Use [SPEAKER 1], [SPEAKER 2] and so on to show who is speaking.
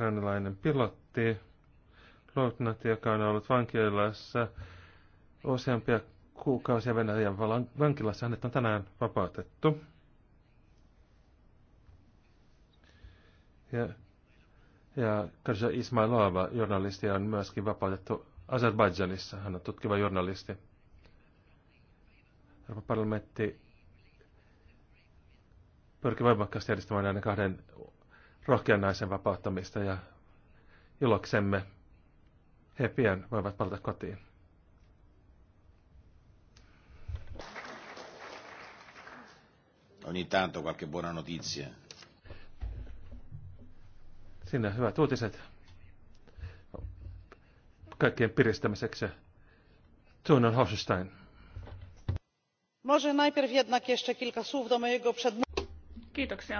[SPEAKER 1] ukrainalainen pilotti, Lotnat, joka on ollut vankilassa useampia kuukausia Venäjän vankilassa. Hänet on tänään vapautettu. Ja, ja Karja Ismailova, journalisti, on myöskin vapautettu Azerbaidžanissa. Hän on tutkiva journalisti. Euroopan parlamentti pyrkii voimakkaasti edistämään näiden kahden rohkean naisen vapauttamista ja iloksemme he pian voivat palata kotiin.
[SPEAKER 2] Ogni tanto qualche buona notizia.
[SPEAKER 1] Sinne hyvät uutiset kaikkien piristämiseksi. Tuonan Hosenstein. Może najpierw jednak jeszcze kilka słów do mojego przedmówcy. Kiitoksia.